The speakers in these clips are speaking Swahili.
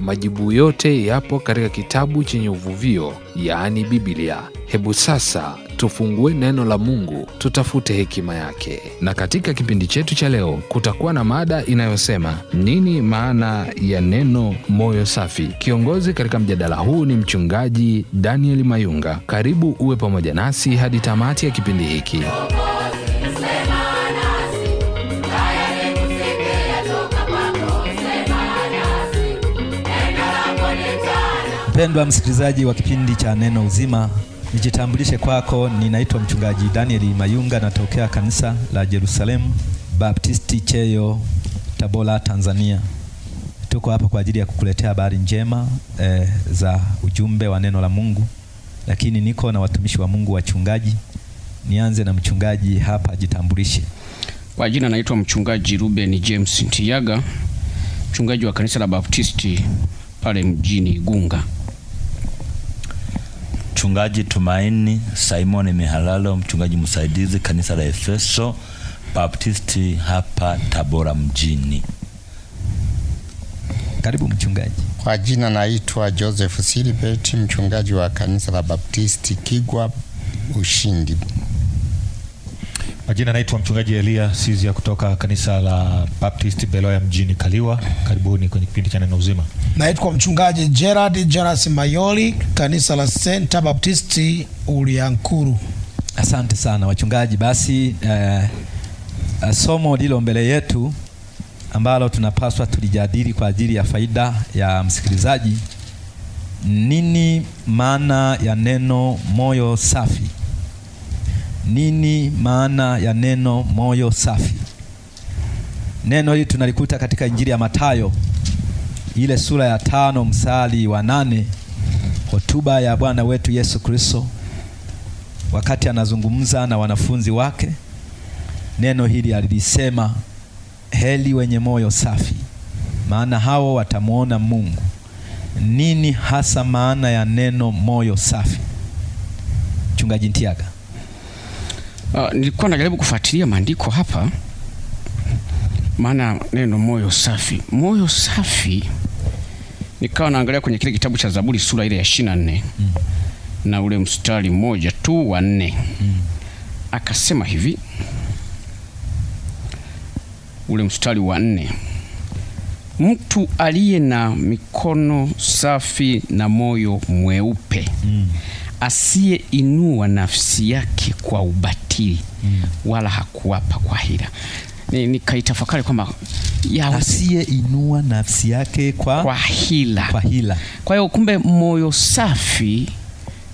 Majibu yote yapo katika kitabu chenye uvuvio, yaani Biblia. Hebu sasa tufungue neno la Mungu, tutafute hekima yake. Na katika kipindi chetu cha leo kutakuwa na mada inayosema nini maana ya neno moyo safi. Kiongozi katika mjadala huu ni mchungaji Daniel Mayunga. Karibu uwe pamoja nasi hadi tamati ya kipindi hiki. Mpendwa msikilizaji wa kipindi cha Neno Uzima, nijitambulishe kwako. Ninaitwa Mchungaji daniel Mayunga, natokea kanisa la Jerusalemu Baptisti Cheyo, Tabora, Tanzania. Tuko hapa kwa ajili ya kukuletea habari njema e, za ujumbe wa neno la Mungu, lakini niko na watumishi wa Mungu, wachungaji. Nianze na mchungaji hapa, jitambulishe. Kwa jina naitwa Mchungaji Ruben James Ntiyaga, mchungaji wa kanisa la Baptisti pale mjini Igunga. Mchungaji Tumaini Simon Mihalalo, mchungaji msaidizi kanisa la Efeso Baptisti hapa Tabora mjini. Karibu mchungaji. Kwa jina naitwa Joseph Silibeti, mchungaji wa kanisa la Baptisti Kigwa Ushindi. Majina naitwa mchungaji Elia Sizia kutoka kanisa la Baptist Beloya mjini Kaliwa. Karibuni kwenye kipindi cha neno uzima. Naitwa mchungaji Gerard Jonas Mayoli, kanisa la Center Baptist Uliankuru. Asante sana wachungaji. Basi eh, eh, somo lilo mbele yetu ambalo tunapaswa tulijadili kwa ajili ya faida ya msikilizaji, nini maana ya neno moyo safi? Nini maana ya neno moyo safi? Neno hili tunalikuta katika Injili ya Mathayo ile sura ya tano msali wa nane, hotuba ya Bwana wetu Yesu Kristo wakati anazungumza na wanafunzi wake. Neno hili alilisema, heli wenye moyo safi, maana hao watamwona Mungu. Nini hasa maana ya neno moyo safi, Mchungaji Ntiaga? Uh, nilikuwa najaribu kufuatilia maandiko hapa, maana neno moyo safi, moyo safi, nikawa naangalia kwenye kile kitabu cha Zaburi sura ile ya ishirini na nne mm. na ule mstari mmoja tu wa nne mm. akasema hivi, ule mstari wa nne mtu aliye na mikono safi na moyo mweupe mm. asiyeinua nafsi yake kwa ubatili mm. wala hakuwapa kwa hila. Nikaitafakari ni kwamba asiyeinua nafsi yake kwa, kwa hila. Kwa hiyo kumbe moyo safi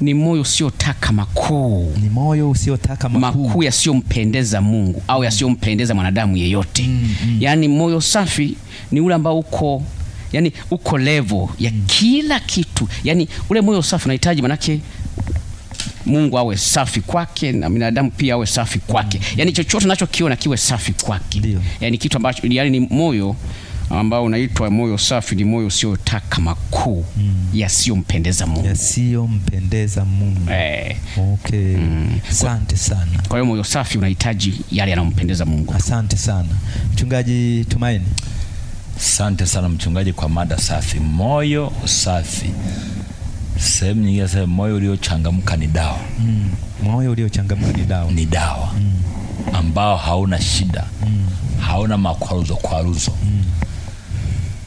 ni moyo usiotaka makuu, ni moyo usiotaka makuu, makuu yasiyompendeza Mungu au yasiyompendeza mwanadamu yeyote. mm, mm. Yaani moyo safi ni ule ambao uko yani uko levo ya mm. kila kitu, yani ule moyo safi unahitaji, manake Mungu awe safi kwake na binadamu pia awe safi kwake. mm. Yani chochote nachokiona kiwe safi kwake, yani kitu ambacho yani ni moyo ambao unaitwa moyo safi ni moyo usiotaka makuu mm. yasiyompendeza Mungu, yasiyompendeza Mungu. Eh. Okay. Mm. Asante sana. Kwa hiyo moyo safi unahitaji yale yanayompendeza Mungu. Asante sana Mchungaji Tumaini. Asante sana mchungaji kwa mada safi, moyo safi. Sehemu nyingine sema moyo uliochangamka ni dawa mm. moyo uliochangamka ni dawa, ni dawa mm. ambao hauna shida mm. hauna makwaruzo kwaruzo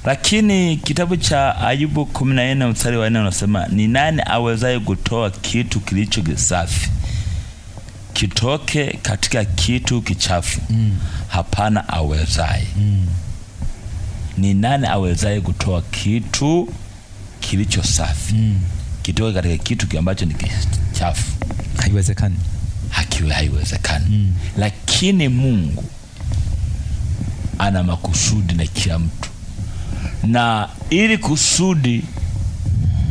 lakini kitabu cha Ayubu 14 mstari wa 4 unasema, ni nani awezaye kutoa kitu kilicho kisafi kitoke katika kitu kichafu? mm. Hapana awezaye. mm. Ni nani awezaye kutoa kitu kilicho safi mm. kitoke katika kitu ambacho ni kichafu? Haiwezekani, hakiwe, haiwezekani. mm. Lakini Mungu ana makusudi na kila mtu na ili kusudi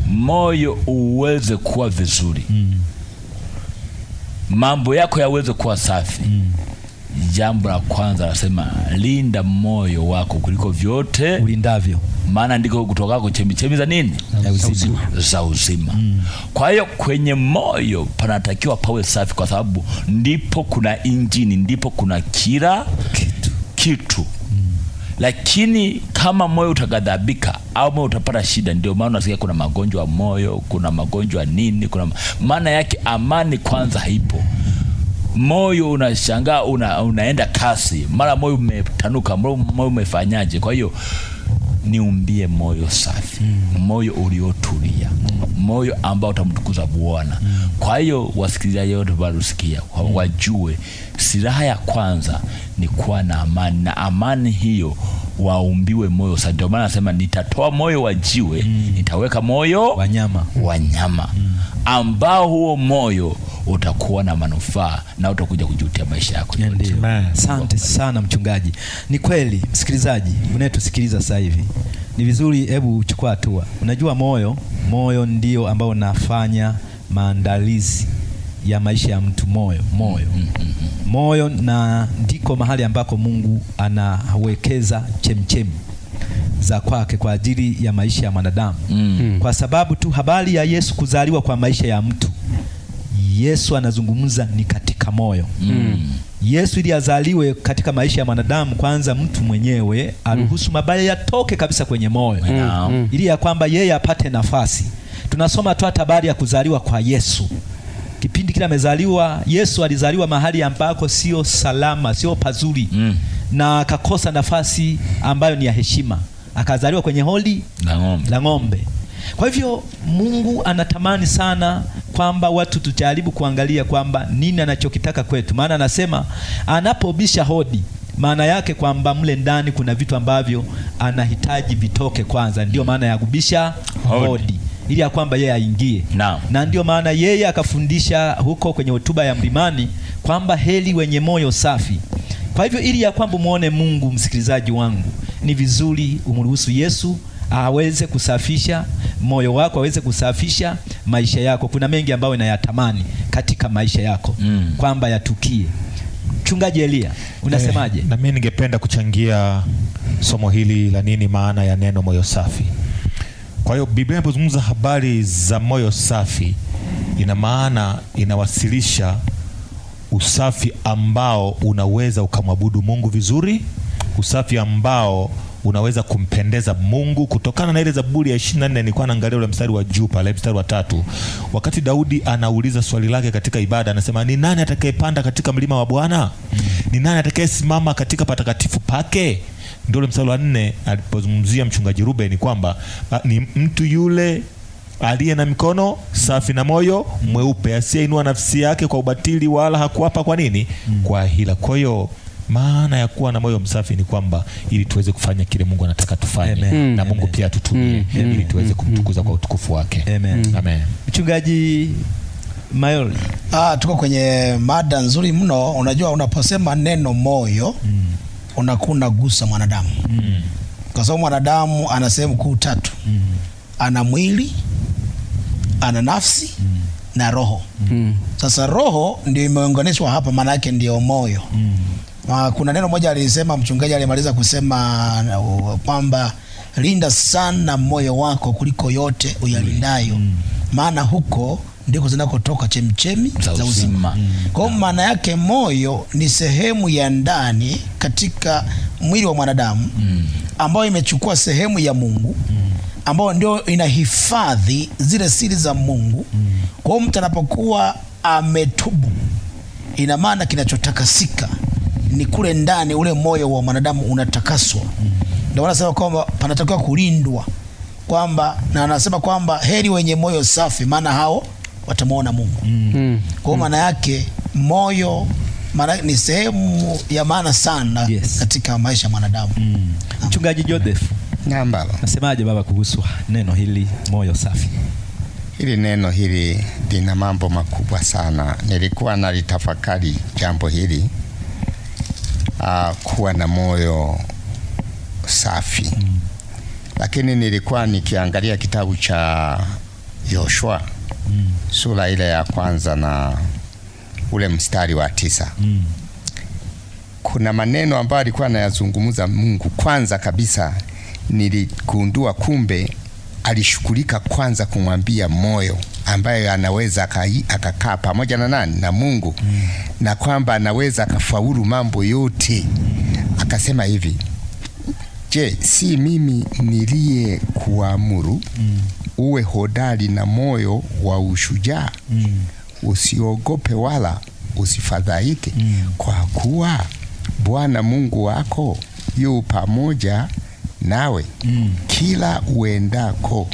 moyo uweze kuwa vizuri mm. mambo yako yaweze kuwa safi mm. Jambo la kwanza anasema linda moyo wako kuliko vyote ulindavyo, maana ndiko kutokako chemichemi za nini? Za uzima. Mm. Kwa hiyo kwenye moyo panatakiwa pawe safi, kwa sababu ndipo kuna injini, ndipo kuna kila kitu, kitu lakini kama moyo utagadhabika au moyo utapata shida, ndio maana unasikia kuna magonjwa moyo, kuna magonjwa nini, kuna maana yake amani kwanza haipo. Moyo unashangaa una, unaenda kasi, mara moyo umetanuka, moyo umefanyaje? Kwa hiyo niumbie moyo safi mm. moyo uliotulia mm. moyo ambao utamtukuza Bwana mm. kwa hiyo wasikilizaji wote walusikia mm. wajue silaha ya kwanza ni kuwa na amani, na amani hiyo waumbiwe moyo safi. Ndio maana nasema nitatoa moyo wa jiwe mm. nitaweka moyo wanyama, wanyama. Mm. ambao huo moyo utakuwa na manufaa na utakuja kujutia maisha yako. Asante sana mchungaji. Ni kweli, msikilizaji unayetusikiliza sasa hivi, ni vizuri, hebu uchukua hatua. Unajua moyo, moyo ndio ambao unafanya maandalizi ya maisha ya mtu. Moyo, moyo, mm -hmm. moyo, na ndiko mahali ambako Mungu anawekeza chemchemi za kwake kwa ajili ya maisha ya mwanadamu mm. Kwa sababu tu habari ya Yesu kuzaliwa kwa maisha ya mtu Yesu anazungumza ni katika moyo mm. Yesu ili azaliwe katika maisha ya mwanadamu, kwanza mtu mwenyewe aruhusu mm. mabaya yatoke kabisa kwenye moyo mm. mm. ili ya kwamba yeye apate nafasi. Tunasoma tu hata habari ya kuzaliwa kwa Yesu kipindi kile amezaliwa Yesu alizaliwa mahali ambako sio salama, sio pazuri mm. na akakosa nafasi ambayo ni ya heshima, akazaliwa kwenye holi la ng'ombe, la ng'ombe. Kwa hivyo Mungu anatamani sana kwamba watu tujaribu kuangalia kwamba nini anachokitaka kwetu, maana anasema anapobisha hodi maana yake kwamba mle ndani kuna vitu ambavyo anahitaji vitoke kwanza. ndio maana ya kubisha hodi, hodi ili ya kwamba yeye aingie na, na ndiyo maana yeye akafundisha huko kwenye hotuba ya mlimani kwamba heli wenye moyo safi. Kwa hivyo ili ya kwamba muone Mungu, msikilizaji wangu, ni vizuri umruhusu Yesu aweze kusafisha moyo wako aweze kusafisha maisha yako. Kuna mengi ambayo inayatamani katika maisha yako mm. kwamba yatukie. Mchungaji Elia, unasemaje? Eh, na mimi ningependa kuchangia somo hili la nini maana ya neno moyo safi. Kwa hiyo Biblia inapozungumza habari za moyo safi, ina maana inawasilisha usafi ambao unaweza ukamwabudu Mungu vizuri, usafi ambao unaweza kumpendeza Mungu kutokana na ile Zaburi ya 24. Nilikuwa naangalia ule mstari wa juu pale, mstari wa tatu, wakati Daudi anauliza swali lake katika ibada, anasema ni nani atakayepanda katika mlima wa Bwana? Ni nani atakayesimama katika patakatifu pake? Ndio ule mstari wa nne alipozungumzia mchungaji Ruben kwamba ah, ni mtu yule aliye na mikono safi na moyo mweupe, asiyeinua nafsi yake kwa ubatili, wala hakuapa kwa nini? Kwa hila. Kwa hiyo maana ya kuwa na moyo msafi ni kwamba ili tuweze kufanya kile Mungu anataka tufanye Amen. na Mungu pia atutumie mm. ili tuweze mm. kumtukuza kwa utukufu wake Amen. Amen. Mm. Mchungaji Mayor. Ah, tuko kwenye mada nzuri mno. Unajua, unaposema neno moyo mm. unakuna gusa mwanadamu mm. kwa sababu mwanadamu ana sehemu kuu tatu mm. ana mwili, ana nafsi mm. na roho mm. Sasa roho ndio imeunganishwa hapa, maana yake ndio moyo mm. Ah, kuna neno moja alisema mchungaji, alimaliza kusema kwamba linda sana moyo wako kuliko yote uyalindayo mm. maana huko ndiko zinakotoka chemchemi za uzima mm. kwa hiyo maana yake moyo ni sehemu ya ndani katika mwili wa mwanadamu mm. ambayo imechukua sehemu ya Mungu mm. ambayo ndio inahifadhi zile siri za Mungu mm. kwa hiyo mtu anapokuwa ametubu, ina maana kinachotakasika ni kule ndani, ule moyo wa mwanadamu unatakaswa. Ndio wanasema kwamba panatakiwa kulindwa kwamba, na anasema kwamba heri wenye moyo safi, maana hao watamwona Mungu. Mm. Kwa hiyo maana yake moyo maana ni sehemu ya maana sana yes, katika maisha ya mwanadamu. Mm. Mchungaji Mm. Joseph, naam nasemaje baba kuhusu neno hili moyo safi? Hili neno hili lina mambo makubwa sana. Nilikuwa nalitafakari jambo hili uh, kuwa na moyo safi mm. Lakini nilikuwa nikiangalia kitabu cha Yoshua mm. sura ile ya kwanza na ule mstari wa tisa mm. Kuna maneno ambayo alikuwa anayazungumza Mungu. Kwanza kabisa niligundua kumbe alishughulika kwanza kumwambia moyo ambaye anaweza akakaa pamoja na nani na Mungu mm. na kwamba anaweza akafaulu mambo yote. Akasema hivi, je, si mimi niliye kuamuru mm. uwe hodari na moyo wa ushujaa mm. usiogope wala usifadhaike mm. kwa kuwa Bwana Mungu wako yu pamoja nawe mm. kila uendako.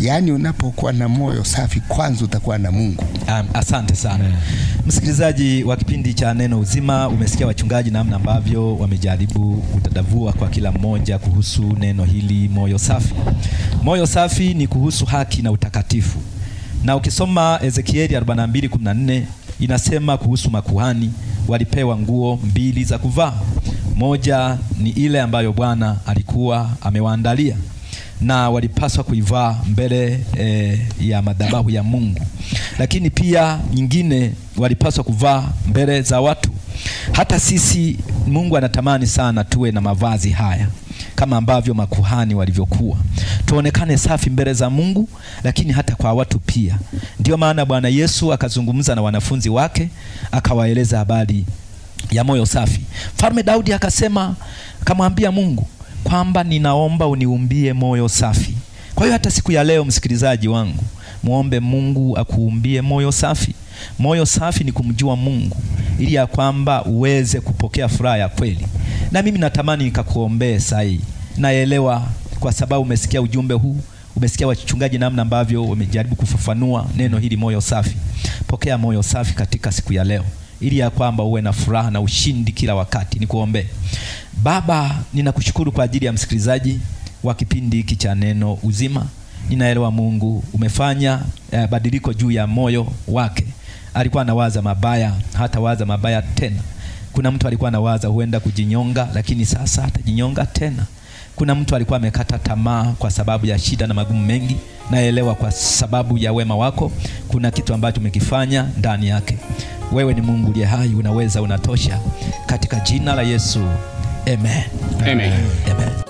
Yaani, unapokuwa na moyo safi kwanza utakuwa na Mungu. Um, asante sana yeah. Msikilizaji wa kipindi cha Neno Uzima, umesikia wachungaji namna ambavyo wamejaribu kutadavua kwa kila mmoja kuhusu neno hili moyo safi. Moyo safi ni kuhusu haki na utakatifu, na ukisoma Ezekieli 42:14 inasema kuhusu makuhani walipewa nguo mbili za kuvaa, moja ni ile ambayo Bwana alikuwa amewaandalia na walipaswa kuivaa mbele e, ya madhabahu ya Mungu, lakini pia nyingine walipaswa kuvaa mbele za watu. Hata sisi Mungu anatamani sana tuwe na mavazi haya kama ambavyo makuhani walivyokuwa, tuonekane safi mbele za Mungu, lakini hata kwa watu pia. Ndiyo maana Bwana Yesu akazungumza na wanafunzi wake akawaeleza habari ya moyo safi. Mfalme Daudi akasema, akamwambia Mungu kwamba ninaomba uniumbie moyo safi. Kwa hiyo hata siku ya leo, msikilizaji wangu, muombe Mungu akuumbie moyo safi. Moyo safi ni kumjua Mungu ili ya kwamba uweze kupokea furaha ya kweli. Na mimi natamani nikakuombee saa hii. Naelewa kwa sababu umesikia ujumbe huu, umesikia wachungaji namna ambavyo wamejaribu kufafanua neno hili moyo safi. Pokea moyo safi katika siku ya leo ili ya kwamba uwe na furaha na ushindi kila wakati. Nikuombee. Baba, ninakushukuru kwa ajili ya msikilizaji wa kipindi hiki cha Neno Uzima. Ninaelewa Mungu umefanya eh, badiliko juu ya moyo wake. Alikuwa anawaza mabaya, hata waza mabaya tena. Kuna mtu alikuwa anawaza huenda kujinyonga, lakini sasa atajinyonga tena. Kuna mtu alikuwa amekata tamaa kwa sababu ya shida na magumu mengi, naelewa kwa sababu ya wema wako kuna kitu ambacho umekifanya ndani yake. Wewe ni Mungu uliye hai, unaweza, unatosha, katika jina la Yesu, amen, amen. amen. amen.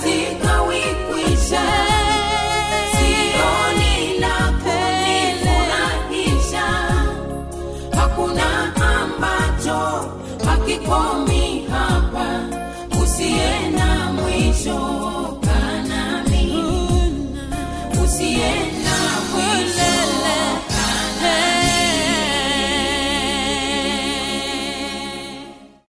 kazi ikawikwisha